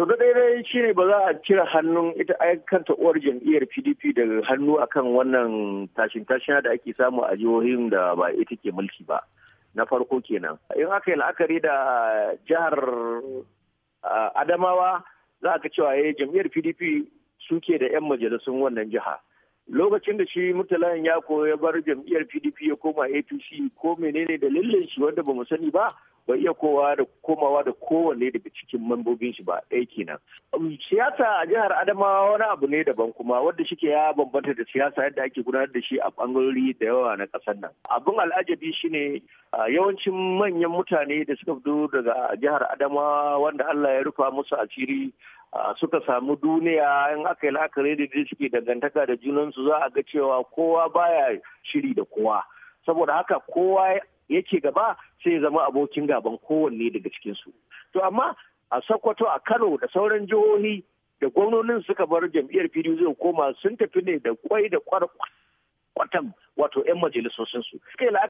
to da daidai shine ba za a cire hannun ita kanta uwar jam'iyyar pdp daga hannu akan wannan tashin tashina da ake samu a jihohin da ba ita ke mulki ba na farko kenan in aka yi la'akari da jihar adamawa za ka cewa ya eh, jam'iyyar pdp suke da 'yan majalisun wannan jiha lokacin da shi murtalayan ya koya bar jam'iyyar pdp ya koma apc ko menene dalilin shi wanda ba mu sani ba Ba iya kowa da komawa da kowanne daga cikin mambobin shi ba ɗaya kenan um, siyasa a jihar adamawa wani abu ne daban kuma wanda shike ya bambanta da siyasa yadda ake gudanar da shi a bangarori da yawa na ƙasar nan abin al'ajabi shine yawancin manyan mutane da suka fito daga jihar adamawa wanda allah ya rufa musu asiri suka samu duniya in aka yi la'akari da suke dangantaka da junansu za a ga cewa kowa baya shiri da kowa saboda haka kowa yake gaba sai zama abokin gaban kowanne daga cikinsu. To amma a Sokoto a Kano da sauran jihohi da gwamnonin suka bar jam'iyyar PDP zai koma sun tafi ne da kwai da kwatam wato 'yan majalisosinsu.